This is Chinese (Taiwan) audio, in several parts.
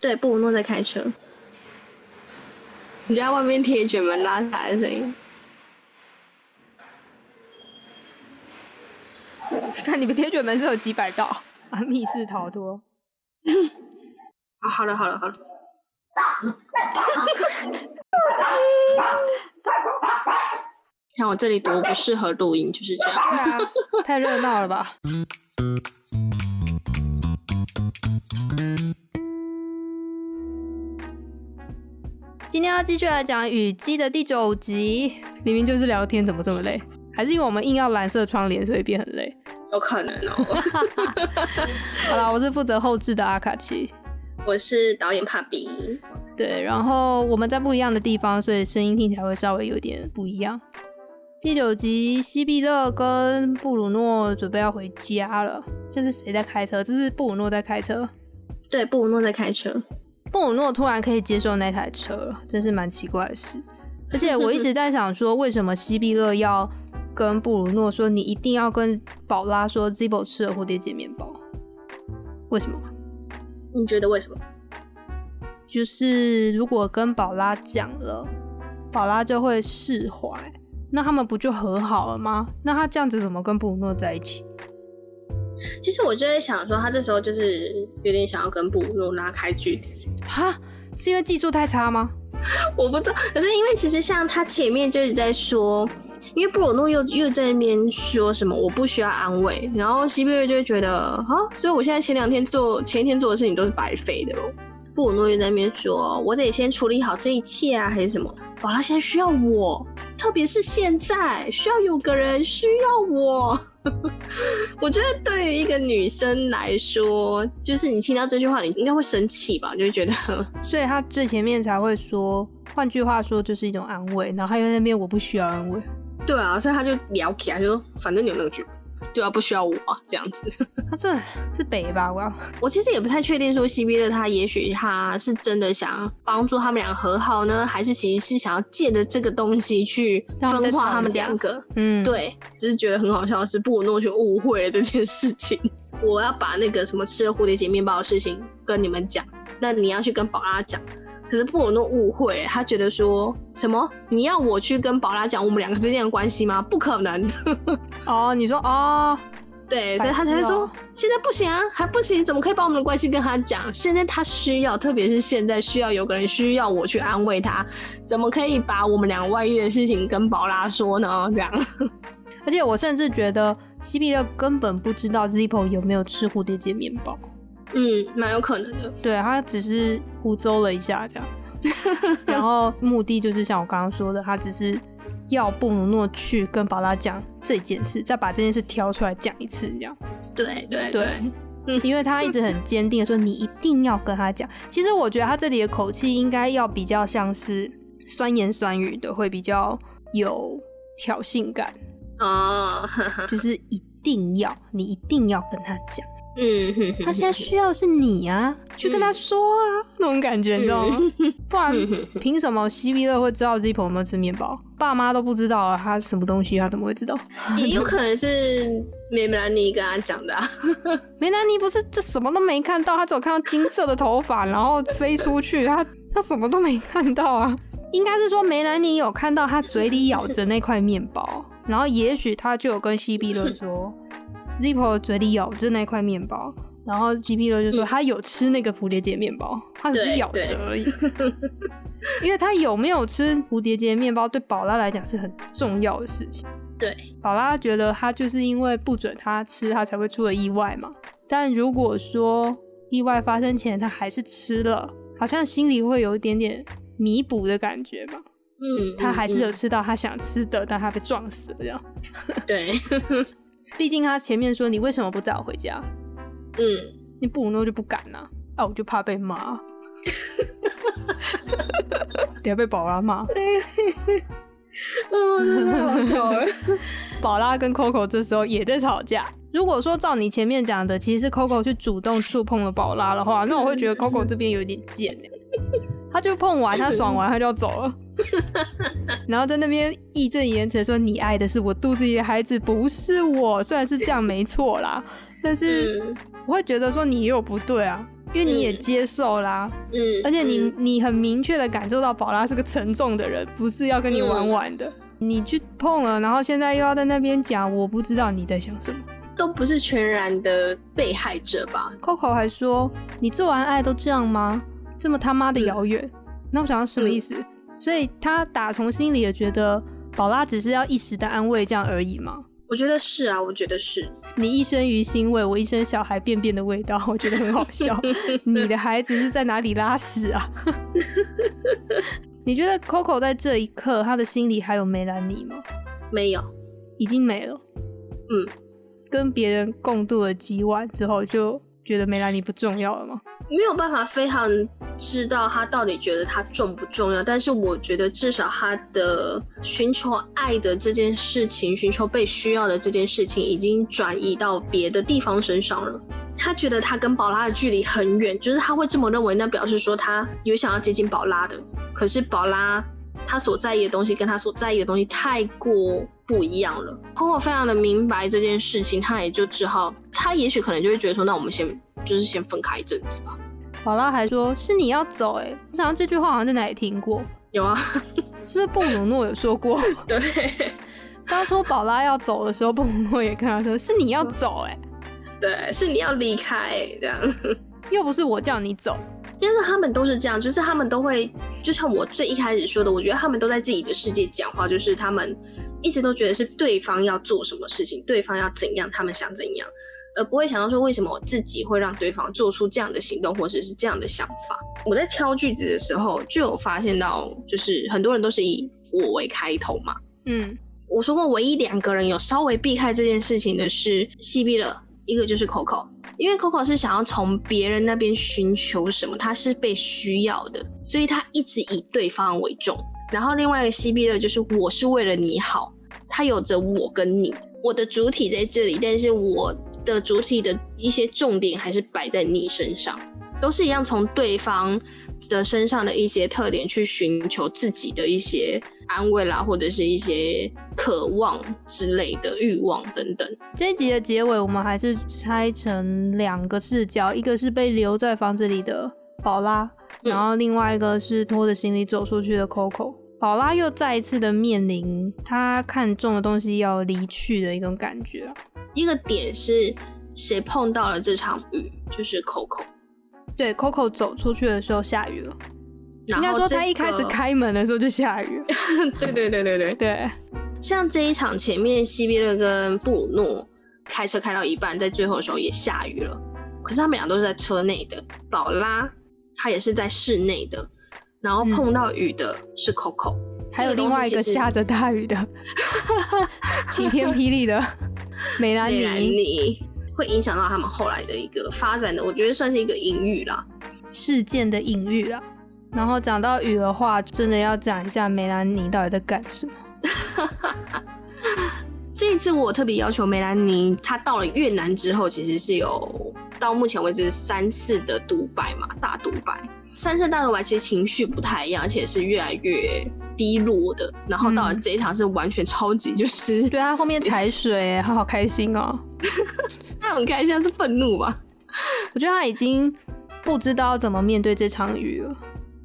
對，布魯諾在開車。你家外面鐵捲門拉下來的聲音？看你們鐵捲門是有幾百道啊！密室逃脫。啊，好了好了好了。看我這裡多不適合錄音，就是這樣。 啊、太熱鬧了吧！今天要繼續來講《雨季》的第九集。明明就是聊天，怎麼這麼累？還是因為我們硬要藍色窗簾，所以變很累？有可能哦。 好了，我是負責後製的阿卡奇。我是導演帕比。對，然後我們在不一樣的地方，所以聲音聽起來會稍微有點不一樣。第九集，西比勒跟布魯諾準備要回家了。這是誰在開車？這是布魯諾在開車。對，布魯諾在開車。布魯諾突然可以接受那台車，真是蠻奇怪的事。而且我一直在想說，說 為什麼西比勒要跟布魯諾說，你一定要跟寶拉說，Zippo 吃了蝴蝶結麵包？為什麼？你覺得為什麼？就是如果跟寶拉講了，寶拉就會釋懷，那他們不就和好了嗎？那他這樣子怎麼跟布魯諾在一起？其實我就在想說，他這時候就是有點想要跟布魯諾拉開距離。哈，是因為技術太差嗎？ 我不知道。可是因為其實像他前面就是在說，因為布魯諾又又在那邊說什麼我不需要安慰，然後西比瑞就會覺得，啊，所以我現在前兩天做、前一天做的事情都是白費的咯。布魯諾又在那邊說，我得先處理好這一切啊，還是什麼？哇，他現在需要我，特別是現在需要有個人需要我。 我覺得對於一個女生來說，就是你聽到這句話，你應該會生氣吧？就會覺得， 所以她最前面才會說，換句話說，就是一種安慰。然後她又在那邊，我不需要安慰。對啊，所以她就聊起來，就說反正你有那個劇本。對啊，不需要我這樣子。他、啊、這是北吧？我要我其實也不太確定，說 C B 的他，也許他是真的想幫助他們倆和好呢，還是其實是想要借着這個東西去分化他們兩個？嗯，對，只是覺得很好笑的是布魯諾去誤會了這件事情。我要把那個什麼吃了蝴蝶結麵包的事情跟你們講，那你要去跟寶拉講。可是布魯諾誤會，他覺得說，什麼你要我去跟寶拉講我們兩個之間的關係嗎？不可能 哦！你說哦，對，喔、所以他才會說現在不行啊，還不行，怎麼可以把我們的關係跟他講？現在他需要，特別是現在需要有個人需要我去安慰他，怎麼可以把我們兩個外遇的事情跟寶拉說呢？這樣。 而且我甚至覺得西比勒根本不知道 Zippo 有沒有吃蝴蝶結麵包。嗯，蠻有可能的。對，他只是胡謅了一下這樣， 然後目的就是像我剛剛說的，他只是要布魯諾去跟寶拉講這件事，再把這件事挑出來講一次這樣。對對對，嗯，因為他一直很堅定的說，你一定要跟他講。 其實我覺得他這裡的口氣應該要比較像是酸言酸語的，會比較有挑釁感哦， 就是一定要你一定要跟他講。嗯， 他現在需要的是你啊， 去跟他說啊， 那種感覺你 知道嗎？不然憑 什麼西比勒會知道自己朋友們吃面包？爸媽都不知道啊，他什麼東西？他怎麼會知道？ 也有可能是梅蘭妮跟他講的啊。 梅蘭妮不是，就什麼都沒看到，他只有看到金色的頭髮， 然後飛出去，他他什麼都沒看到啊。應該是說梅蘭妮有看到他嘴裡咬着那塊麵包，然後也許他就有跟西比勒說。 Zippo 嘴裡咬就是那塊麵包，然後 G P L 就說他有吃那個蝴蝶結麵包，嗯、他只是咬着而已。 因為他有沒有吃蝴蝶結麵包，對寶拉來講是很重要的事情。對，寶拉覺得他就是因為不准他吃，他才會出了意外嘛。但如果說意外發生前他還是吃了，好像心裡會有一點點彌補的感覺吧。嗯，嗯，嗯，他還是有吃到他想吃的，但他被撞死了。這樣對。 畢竟他前面說，你為什麼不帶我回家？嗯，你不弄就不敢了啊，啊，我就怕被罵， 等下被寶拉罵，嗯、 哦，太好笑了。寶拉跟 Coco 這時候也在吵架。 如果說照你前面講的，其實 Coco 去主動觸碰了寶拉的話，那我會覺得 Coco 這邊有點賤， 他就碰完他爽完他就要走了。 然後在那邊義正言辭說：“你愛的是我肚子裡的孩子，不是我。”雖然是這樣沒錯啦 但是我會覺得說你也有不對啊，因為你也接受啦，嗯，而且你、嗯、你很明確的感受到寶拉是個沉重的人，不是要跟你玩玩的。嗯、你去碰了，然後現在又要在那邊講，我不知道你在想什麼。都不是全然的被害者吧？Coco 還說：“你做完愛都這樣嗎？這麼他媽的遙遠？”嗯、那我想要什麼意思？嗯所以他打從心裡也覺得寶拉只是要一時的安慰這樣而已嘛？我覺得是啊，我覺得是你一身魚腥味，我一身小孩便便的味道，我覺得很好笑。 你的孩子是在哪裡拉屎啊？ 你覺得 Coco 在這一刻他的心裡還有梅蘭妮嗎？沒有，已經沒了。嗯，跟別人共度了幾晚之後就。覺得梅蘭妮不重要了嗎？沒有辦法非常知道他到底覺得他重不重要，但是我覺得至少他的尋求愛的這件事情，尋求被需要的這件事情，已經轉移到別的地方身上了。他覺得他跟寶拉的距離很遠，就是他會這麼認為，那表示說他有想要接近寶拉的。可是寶拉他所在意的東西，跟他所在意的東西太過。不一樣了，婆婆非常的明白這件事情，他也就只好，他也許可能就會覺得說，那我們先就是先分開一陣子吧。寶拉還說，是你要走哎、欸，我想到這句話好像在哪裡聽過，有啊嗎，是不是布魯諾有說過？對，當初寶拉要走的時候，布魯諾也跟他說，是你要走哎、欸，對，是你要離開、欸、這樣，又不是我叫你走，因為他們都是這樣，就是他們都會，就像我最一開始說的，我覺得他們都在自己的世界講話，就是他們。一直都覺得是對方要做什麼事情，對方要怎樣，他們想怎樣，而不會想到說為什麼我自己會讓對方做出這樣的行動或者是，是這樣的想法。我在挑句子的時候就有發現到，就是很多人都是以我為開頭嘛。嗯，我說過唯一兩個人有稍微避開這件事情的是西比勒，一個就是 Coco，因為 Coco 是想要從別人那邊尋求什麼，他是被需要的，所以他一直以對方為重。然後另外一個 CB 的就是我是為了你好，他有着我跟你，我的主體在這裡，但是我的主體的一些重點還是擺在你身上，都是一樣從對方的身上的一些特點去尋求自己的一些安慰啦，或者是一些渴望之類的欲望等等。這一集的結尾我們還是拆成兩個視角，一個是被留在房子裡的寶拉，然後另外一個是拖着行李走出去的 Coco。寶拉又再一次的面臨她看中的東西要離去的一種感覺。一個點是誰碰到了這場雨？就是 Coco。對，Coco 走出去的時候下雨了。這個、應該說他一開始開門的時候就下雨。 對對對對對對。 對，像這一場前面西比勒跟布魯諾開車開到一半，在最後的時候也下雨了。可是他們倆都是在車內的，寶拉他也是在室內的。然後碰到雨的是 Coco，嗯，還有另外一個下着大雨的，晴 天霹靂的梅蘭妮，蘭妮會影響到他們後來的一個發展的，我覺得算是一個隱喻啦，事件的隱喻啊。然後講到雨的話，真的要講一下梅蘭妮到底在幹什麼。 這一次我特別要求梅蘭妮，她到了越南之後，其實是有到目前為止三次的獨白嘛，大獨白。三聖大合玩其實情緒不太一樣，而且是越來越低落的。然後到了這一場是完全超級就是、嗯、 對啊，他後面踩水，他好開心哦、喔。 他很開心是憤怒吧？ 我覺得他已經不知道怎麼面對這場雨了。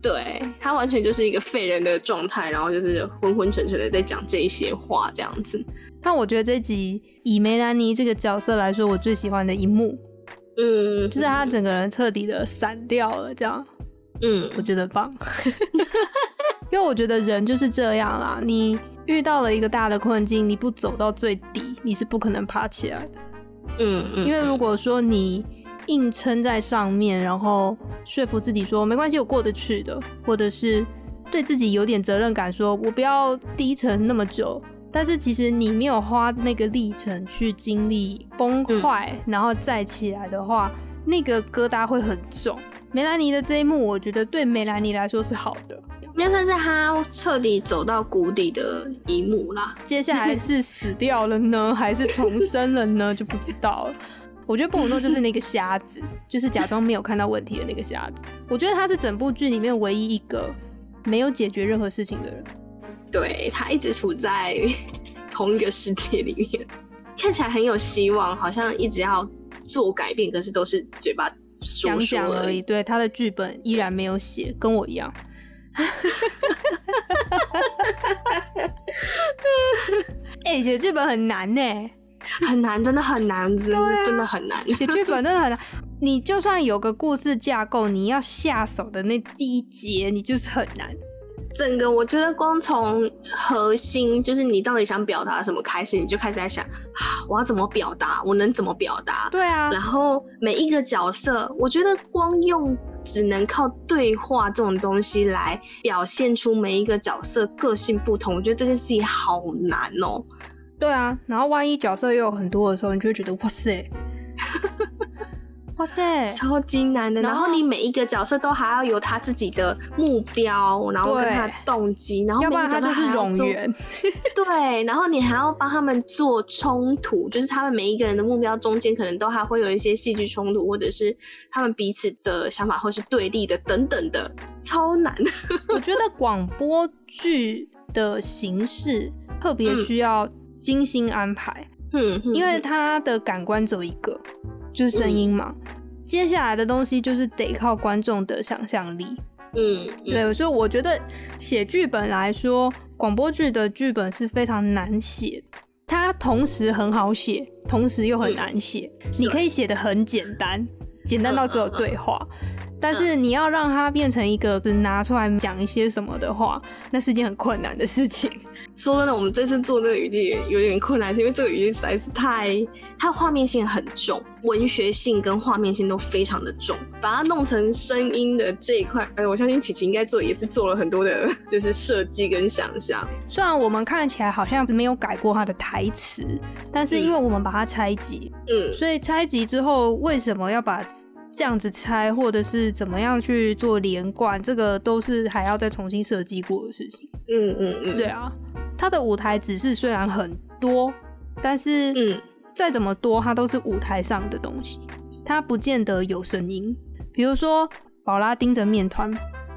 對，他完全就是一個廢人的狀態，然後就是昏昏沉沉的在講這些話這樣子。但我覺得這集以梅蘭妮這個角色來說，我最喜歡的一幕，嗯，就是他整個人徹底的散掉了這樣。嗯，我覺得棒， 因為我覺得人就是這樣啦。你遇到了一個大的困境，你不走到最底，你是不可能爬起來的。嗯，嗯，因為如果說你硬撐在上面，然後說服自己說沒關係，我過得去的，或者是對自己有點責任感說，說我不要低沉那麼久。但是其實你沒有花那個歷程去經歷崩壞，嗯、然後再起來的話，那個疙瘩會很重。梅蘭妮的這一幕，我覺得對梅蘭妮來說是好的，應該算是她徹底走到谷底的一幕啦。接下來是死掉了呢， 還是重生了呢？就不知道了。我覺得布魯諾就是那個瞎子， 就是假裝沒有看到問題的那個瞎子。我覺得他是整部劇裡面唯一一個沒有解決任何事情的人。對，他一直處在同一個世界裡面，看起來很有希望，好像一直要做改變，可是都是嘴巴。講講而，而已，對，他的劇本依然沒有寫，跟我一樣。哎、 欸，寫劇本很難呢、欸，很難，真的很難，真的真的很難寫劇本，啊、真的很難。很難 你就算有個故事架構，你要下手的那第一節，你就是很難。整個我覺得光從核心就是你到底想表達什麼開始，你就開始在想，啊，我要怎麼表達，我能怎麼表達？對啊，然後每一個角色，我覺得光用只能靠對話這種東西來表現出每一個角色個性不同，我覺得這件事情好難哦。對啊，然後萬一角色又有很多的時候，你就會覺得哇塞。 超級難的！然後你每一個角色都還要有他自己的目標，然後跟他動機，然後一個要不然就是冗餘。對，然後你還要幫他們做衝突，就是他們每一個人的目標中間可能都還會有一些戲劇衝突，或者是他們彼此的想法會是對立的等等的，超難。 我覺得廣播劇的形式特別需要精心安排，嗯，嗯嗯，因為他的感官只有一個，就是聲音嘛。嗯接下來的東西就是得靠觀眾的想象力，嗯，嗯，對，所以我覺得寫劇本來說，廣播劇的劇本是非常難寫。它同時很好寫，同時又很難寫。嗯。你可以寫得很簡單，簡單到只有對話，但是你要讓它變成一個只拿出來講一些什麼的話，那是一件很困難的事情。說真的，我們這次做這個雨季也有點困難，是因為這個雨季實在是太，它畫面性很重，文學性跟畫面性都非常的重，把它弄成聲音的這一塊，欸，我相信琪琪應該做也是做了很多的，就是設計跟想象。雖然我們看起來好像沒有改過它的台詞，但是因為我們把它拆集，嗯，所以拆集之後，為什麼要把這樣子拆，或者是怎麼樣去做連貫，這個都是還要再重新設計過的事情。嗯嗯嗯，嗯嗯對啊。他的舞台指示雖然很多，但是嗯，再怎麼多，它都是舞台上的東西，他不見得有聲音。比如說，寶拉盯着麵團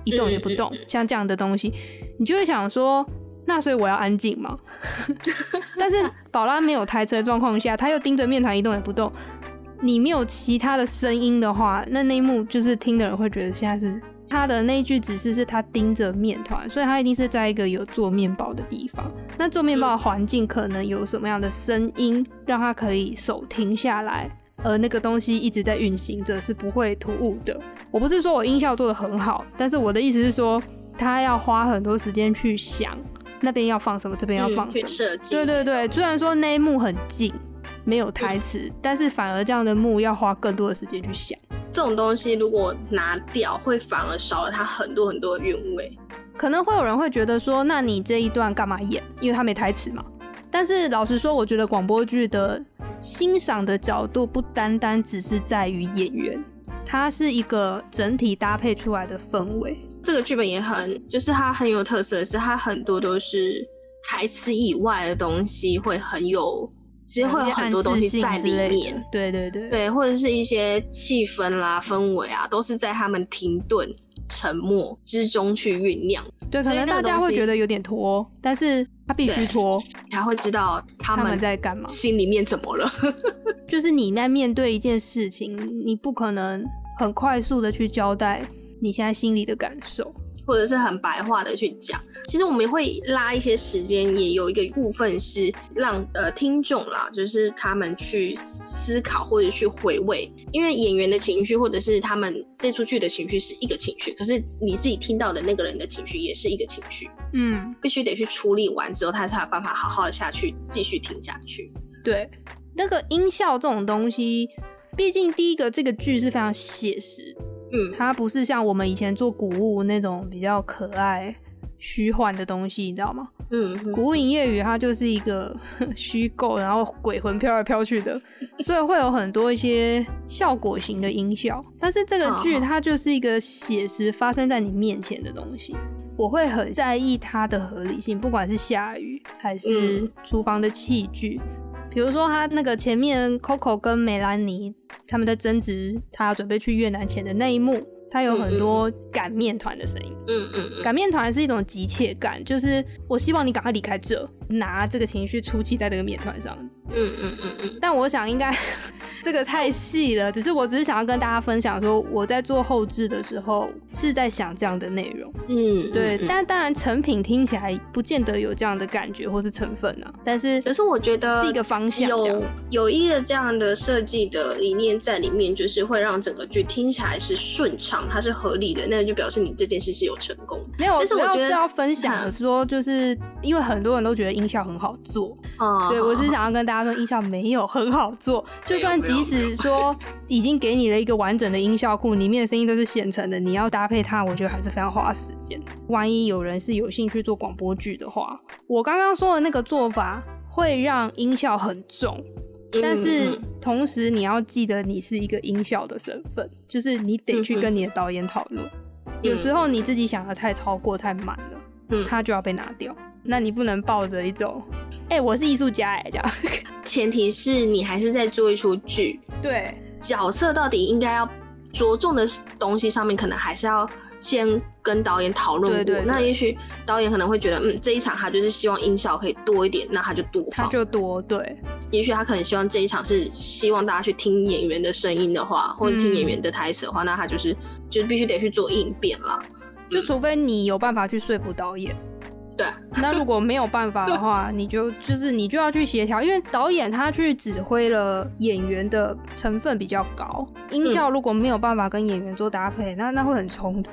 一動也不動，嗯、像這樣的東西，你就會想說，那所以我要安靜嗎？ 但是寶拉沒有台詞的狀況下，他又盯着麵團一動也不動，你沒有其他的聲音的話，那那一幕就是聽的人會覺得現在是。他的那一句指示是他盯着麵團，所以他一定是在一個有做麵包的地方。那做麵包的環境可能有什麼樣的聲音，嗯、讓他可以手停下來，而那個東西一直在運行着，是不會突兀的。我不是說我音效做得很好，但是我的意思是說，他要花很多時間去想那邊要放什麼，這邊要放什麼，嗯、去設計、對對對，雖然說那一幕很靜。沒有台詞，嗯。但是反而這樣的幕要花更多的時間去想。這種東西如果拿掉，會反而少了它很多很多韻味。可能會有人會覺得說，那你這一段幹嘛演？因為它沒台詞嘛。但是老實說，我覺得廣播劇的欣賞的角度不單單只是在於演員，它是一個整體搭配出來的氛圍。這個劇本也很，就是它很有特色，是它很多都是台詞以外的東西會很有。其實會有很多東西在裡面，對對對，對或者是一些氣氛啦、啊、氛圍啊，都是在他們停頓、沉默之中去醞釀。對，可能大家會覺得有點拖，但是他必須拖，才會知道他們在幹嘛，心裡面怎麼了。就是你在面對一件事情，你不可能很快速的去交代你現在心裡的感受。或者是很白話的去講，其實我們會拉一些時間，也有一個部分是讓呃聽眾啦，就是他們去思考或者去回味，因為演員的情緒或者是他們這出劇的情緒是一個情緒，可是你自己聽到的那個人的情緒也是一個情緒，嗯，必須得去處理完之後，他才有辦法好好的下去繼續聽下去。對，那個音效這種東西，畢竟第一個這個劇是非常寫實。它不是像我們以前做古物那種比較可愛、虛幻的東西，你知道嗎？嗯嗯、古物營業雨它就是一個虛構，然後鬼魂飄來飄去的，所以會有很多一些效果型的音效。但是這個劇它就是一個寫實發生在你面前的東西，我會很在意它的合理性，不管是下雨還是廚房的器具。嗯比如說，他那個前面 Coco 跟梅蘭妮他們在爭執，他準備去越南前的那一幕，他有很多擀麵團的聲音。嗯嗯嗯，擀麵團是一種急切感，就是我希望你趕快離開這。拿這個情緒出氣在這個麵糰上，嗯嗯嗯嗯。但我想應該這個太細了，只是我只是想要跟大家分享，說我在做後製的時候是在想這樣的內容，嗯，嗯，嗯，對。但當然成品聽起來不見得有這樣的感覺或是成分啊。但是，可是我覺得是一個方向，有有一個這樣的設計的理念在裡面，就是會讓整個劇聽起來是順暢，它是合理的，那就表示你這件事是有成功。沒有，但是我要是要分享說，就是因為很多人都覺得。音效很好做，oh. 對，我是想要跟大家說，音效沒有很好做。 有就算即使說已經給你了一個完整的音效庫， 裡面的聲音都是現成的，你要搭配它，我覺得還是非常花時間。萬一有人是有興趣做廣播劇的話，我剛剛說的那個做法會讓音效很重，但是同時你要記得你是一個音效的身份，就是你得去跟你的導演討論。 有時候你自己想的太超過、太滿了，嗯，它就要被拿掉。那你不能抱着一種，哎、欸，我是藝術家哎這樣， 前提是你還是在做一出劇，對，角色到底應該要着重的東西上面，可能還是要先跟導演討論過。對對對對。那也許導演可能會覺得，嗯，這一場他就是希望音效可以多一點，那他就多放，他就多對。也許他可能希望這一場是希望大家去聽演員的聲音的話，我 或者聽演員的台詞的話，嗯、那他就是就是必須得去做應變啦。就除非你有辦法去說服導演。對， 那如果沒有辦法的話，你就就是你就要去協調，因為導演他去指揮了演員的成分比較高，音效如果沒有辦法跟演員做搭配，那那會很衝突。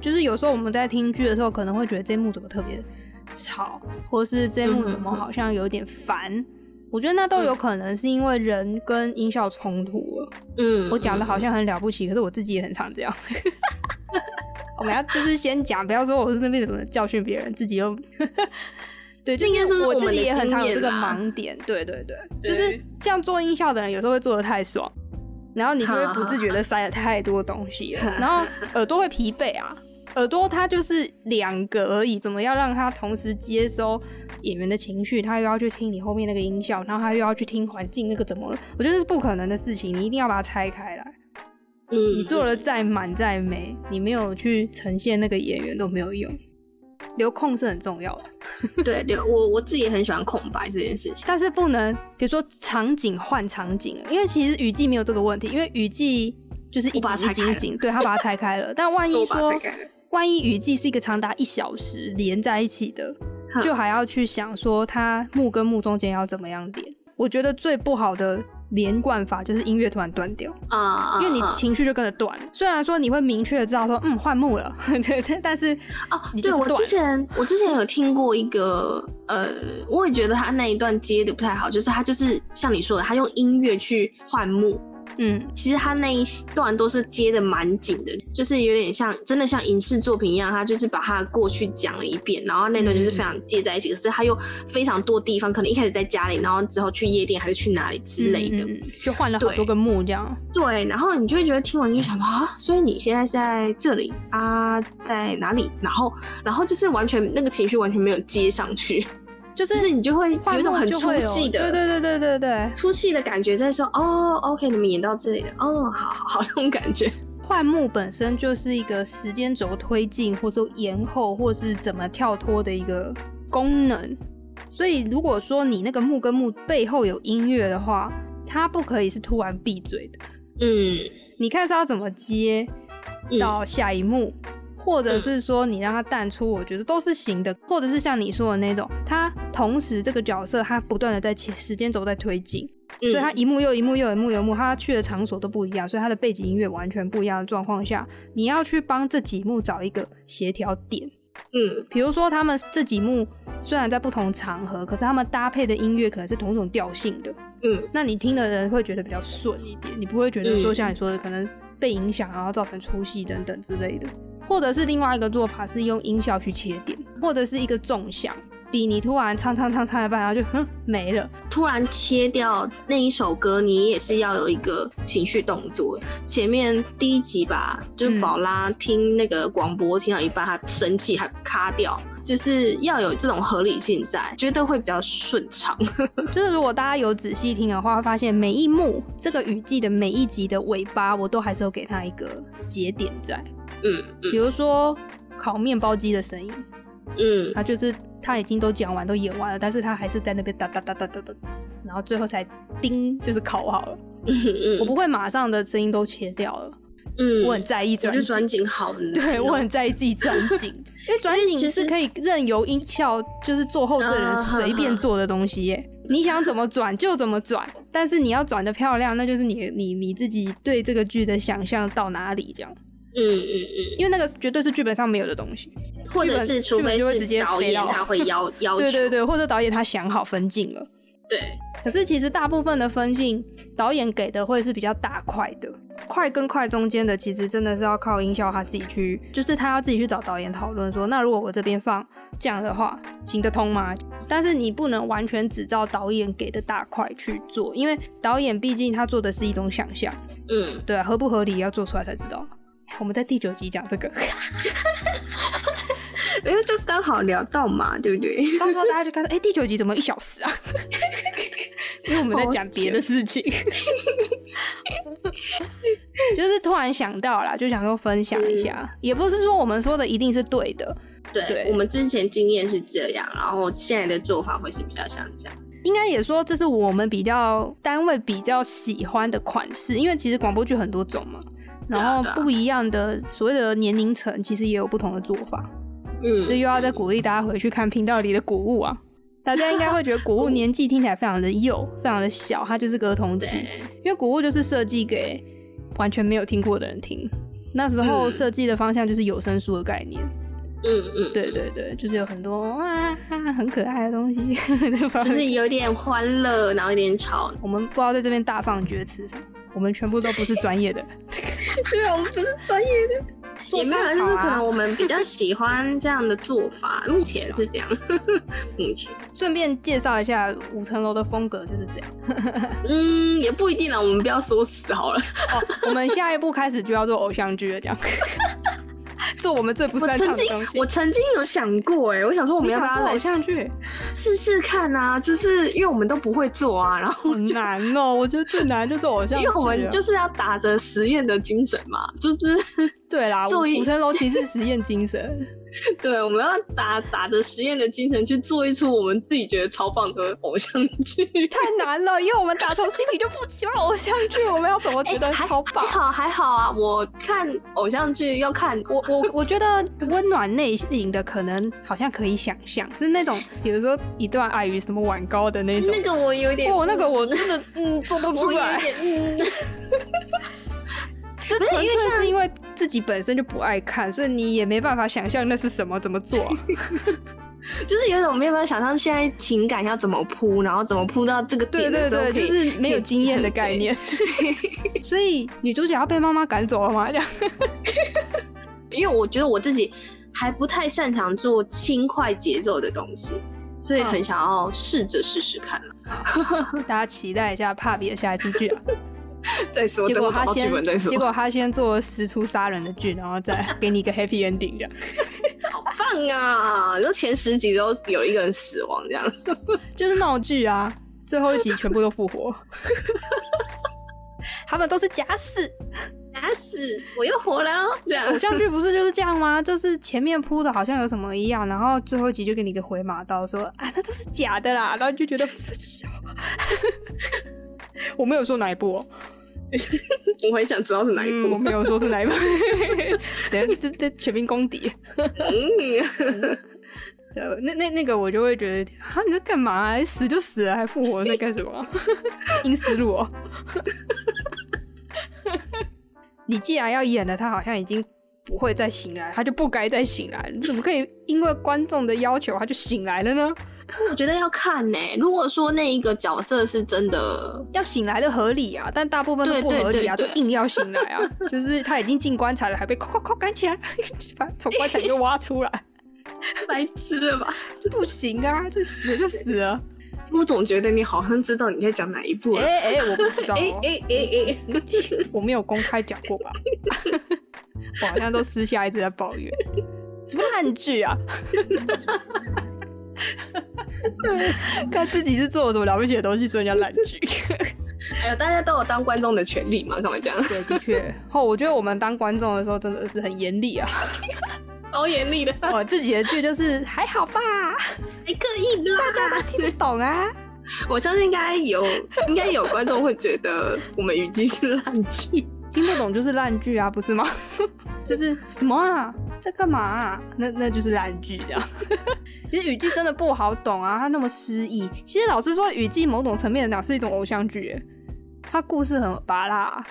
就是有時候我們在聽劇的時候，可能會覺得這幕怎麼特別吵，或是這幕怎麼好像有點煩， 我覺得那都有可能是因為人跟音效衝突了。嗯， 我講的好像很了不起，可是我自己也很常這樣。 我們要就是先講，不要說我是那邊怎麼教訓別人，自己又 對，就是我自己也很常有這個盲點，對對對，對就是這樣做音效的人有時候會做得太爽，然後你就會不自覺的塞了太多東西了， 然後耳朵會疲憊啊，耳朵它就是兩個而已，怎麼要讓它同時接收演員的情緒，他又要去聽你後面那個音效，然後他又要去聽環境那個怎麼了，我覺得這是不可能的事情，你一定要把它拆開來。嗯，你做的再滿再美，嗯、你沒有去呈現那個演員，都沒有用，留空是很重要的。 對，留我我自己也很喜歡空白這件事情。但是不能，比如說場景換場景，因為其實雨季沒有這個問題，因為雨季就是一直拆緊，開對，他把它拆開了。 但萬一說，開了萬一雨季是一個長達一小時連在一起的，嗯、就還要去想說它幕跟幕中間要怎麼樣連。我覺得最不好的。連貫法就是音樂突然斷掉啊，uh, uh, uh, uh. 因為你情緒就跟着斷，雖然說你會明確的知道說，嗯，換幕了，對對，但是哦，uh, 對，我之前我之前有聽過一個，呃，我也覺得他那一段接的不太好，就是他就是像你說的，他用音樂去換幕。嗯，其實他那一段都是接的蠻緊的，就是有點像真的像影視作品一樣，他就是把他過去講了一遍，然後那段就是非常接在一起。可是他又非常多地方，可能一開始在家裡，然後之後去夜店還是去哪裡之類的，嗯嗯、就換了很多個幕這樣對。對，然後你就會覺得聽完就想到啊，所以你現在在這裡啊，在哪裡？然後，然後就是完全那個情緒完全沒有接上去。就是、是你就會有一種很出戲的，對對對對對對，出戲的感覺在說哦，OK，你們演到這裡了，哦，好好好，這種感覺。換幕本身就是一個時間軸推進，或者說延後，或是怎麼跳脫的一個功能。所以如果說你那個幕跟幕背後有音樂的話，它不可以是突然閉嘴的。嗯，你看是要怎麼接到下一幕。嗯或者是說你讓他淡出，我覺得都是行的。或者是像你說的那種，他同時這個角色他不斷的在起時間軸在推進，所以他一幕又一幕又一幕又一幕，他去的場所都不一樣，所以他的背景音樂完全不一樣的狀況下，你要去幫這幾幕找一個協調點。嗯，比如說他們這幾幕雖然在不同場合，可是他們搭配的音樂可能是同種調性的。嗯，那你聽的人會覺得比較順一點，你不會覺得說像你說的可能被影響，然後造成出戲等等之類的。或者是另外一個做法是用音效去切點，或者是一個重響，比你突然唱唱唱唱一半，然後就哼沒了，突然切掉那一首歌，你也是要有一個情緒動作。前面第一集吧，就寶拉聽那個廣播聽到一半，她、嗯、生氣，她卡掉。就是要有這種合理性在，覺得會比較順暢。 就是如果大家有仔細聽的話，會發現每一幕這個雨季的每一集的尾巴，我都還是有給他一個節點在。嗯，嗯。比如說烤麵包機的聲音，嗯，他就是他已經都講完、都演完了，但是他還是在那邊噠噠噠噠噠噠，然後最後才叮，就是烤好了。嗯嗯。嗯，我不會馬上的聲音都切掉了。嗯。我很在意轉景，我就轉景好。的對，我很在意自己轉景。 因為轉景其實可以任由音效，就是做後製人隨便做的東西耶，你想怎麼轉就怎麼轉，但是你要轉得漂亮，那就是你你你自己對這個劇的想象到哪裡這樣。嗯嗯嗯，因為那個絕對是劇本上沒有的東西，或者是除非是導演他會要要求，對對對，對對對，或者導演他想好分鏡了。對，可是其實大部分的分鏡。導演給的會是比較大塊的，塊跟塊中間的其實真的是要靠音效他自己去，就是他要自己去找導演討論說，那如果我這邊放這樣的話行得通嗎？但是你不能完全只照導演給的大塊去做，因為導演畢竟他做的是一種想象，嗯，對啊，合不合理要做出來才知道。我們在第九集講這個，因為就剛好聊到嘛，對不對？到時候 大家就看到，哎、欸，第九集怎麼一小時啊？ 因為我們在講別的事情好久， 就是突然想到啦，就想說分享一下，嗯、也不是說我們說的一定是對的，對，對我們之前經驗是這樣，然後現在的做法會是比較像這樣，應該也說這是我們比較單位比較喜歡的款式，因為其實廣播劇很多種嘛，嗯、然後不一樣的、嗯、所謂的年齡層其實也有不同的做法，嗯，這又要再鼓勵大家回去看頻道裡的古物啊。大家應該會覺得國物年紀聽起來非常的幼，嗯、非常的小，它就是個兒童劇，對因為國物就是設計給完全沒有聽過的人聽。那時候設計的方向就是有聲書的概念。嗯嗯，對對對，就是有很多啊，啊很可愛的東西，就是有點歡樂，然後有點吵。我們不知道在這邊大放厥詞，我們全部都不是專業的。 對啊，我們不是專業的。也沒有，就是可能我們比較喜歡這樣的做法，啊、目前是這樣。目前，順便介紹一下五層樓的風格就是這樣。 嗯，也不一定了、啊，我們不要說死好了、 哦。我們下一步開始就要做偶像劇了，這樣。 做我們最不擅長的東西，我曾經我曾經有想過、欸，哎，我想說我們要不要做偶像劇，試試看啊，就是因為我們都不會做啊，然後很難哦、喔。我覺得最難就做偶像劇，因為我們就是要打着實驗的精神嘛，就是對啦，做一五層樓其實實驗精神。對，我們要打打着實驗的精神去做一出我們自己覺得超棒的偶像劇，太難了，因為我們打從心裡就不喜歡偶像劇。我們要怎麼覺得超棒？欸、還還好，還好啊。我看偶像劇要看我我我覺得溫暖內心的可能，好像可以想象，是那種比如說一段愛於什麼碗糕的那種。那個我有點，哦，那個、我那個我真的嗯做不出來。 不是因為是因為自己本身就不愛看，像所以你也沒辦法想象那是什麼怎麼做， 就是有種沒有辦法想象現在情感要怎麼鋪，然後怎麼鋪到這個點的時候，對對對，就是沒有經驗的概念。以對所以女主角要被媽媽趕走了嗎？這樣？ 因為我覺得我自己還不太擅長做輕快節奏的東西，所以、嗯、很想要試着試試看。哦、 大家期待一下帕筆的下一期劇啊！ 再說，結果他先，結果他先做十出殺人的劇，然後再給你一個 happy ending，這樣 好棒啊！就前十集都有一個人死亡，這樣就是鬧劇啊。最後一集全部都復活， 他們都是假死，假死，我又活了哦。偶像劇不是就是這樣嗎？就是前面鋪的好像有什麼一樣，然後最後一集就給你個回馬刀，說啊，那都是假的啦，然後就覺得， 我沒有說哪一部哦。 我很想知道是哪一部、嗯，我沒有說是哪一部。 等下，這這全民公敵。 那那那個，我就會覺得哈，你在幹嘛、啊？死就死了，還復活在幹什麼？陰屍 路哦、喔， 你既然要演了，他好像已經不會再醒來，他就不該再醒來。你怎麼可以因為觀眾的要求，他就醒來了呢？我覺得要看呢、欸。如果說那一個角色是真的要醒來的合理啊，但大部分都不合理啊，對對對對對，都硬要醒來啊。 就是他已經進棺材了，還被哐哐哐趕起來，把他從棺材就挖出來， 白痴了吧？不行啊，就死了就死了。我總覺得你好像知道你在講哪一部啊，哎哎、欸欸，我不知道、喔。哎哎哎哎，欸欸欸、我沒有公開講過吧？ 我好像都私下一直在抱怨什麼爛劇啊。 看自己是做了什麼了不起的東西，所以叫爛劇。 哎呦，大家都有當觀眾的權利嘛，講，怎麼講？對，的確。哦、oh, 我覺得我們當觀眾的時候真的是很嚴厲啊， 好嚴厲的。我、oh, 自己的劇就是還好吧，還可以啦，啊，大家聽得懂啊？ 我相信應該有，應該有觀眾會覺得我們雨季是爛劇， 聽不懂就是爛劇啊，不是嗎？就是什麼啊，在幹嘛，啊？那那就是爛劇這樣。 其實雨季真的不好懂啊，它那麼詩意。其實老師說雨季某種層面講是一種偶像劇，它故事很芭樂啊。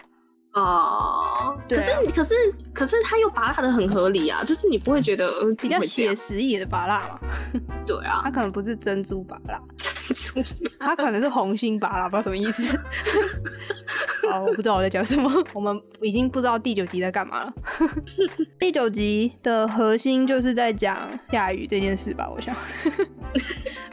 哦、對啊，可是可是可是它又芭樂的很合理啊，就是你不會覺得、嗯、會比較寫實一點的芭樂嘛？對啊，它可能不是珍珠芭樂，珍珠 它可能是紅心芭樂，不知道什麼意思。 好， oh, 我不知道我在講什麼。 我們已經不知道第九集在幹嘛了。 第九集的核心就是在講下雨這件事吧，我想。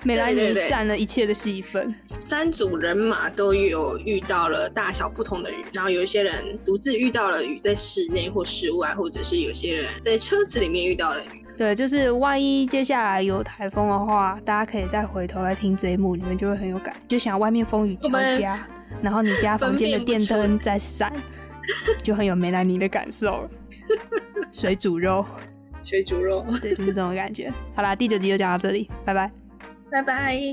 美拉尼對，佔了一切的戲份。三組人馬都有遇到了大小不同的雨，然後有一些人獨自遇到了雨，在室內或室外，或者是有些人在車子裡面遇到了雨。對，就是萬一接下來有台風的話，大家可以再回頭來聽這一幕，你們就會很有感，就想要外面風雨交加。 然後你家房間的電燈在閃，就很有梅蘭妮的感受了。水煮肉， 水煮肉， 對，就是這種感覺。好啦，第九集就講到這裡，拜拜，拜拜。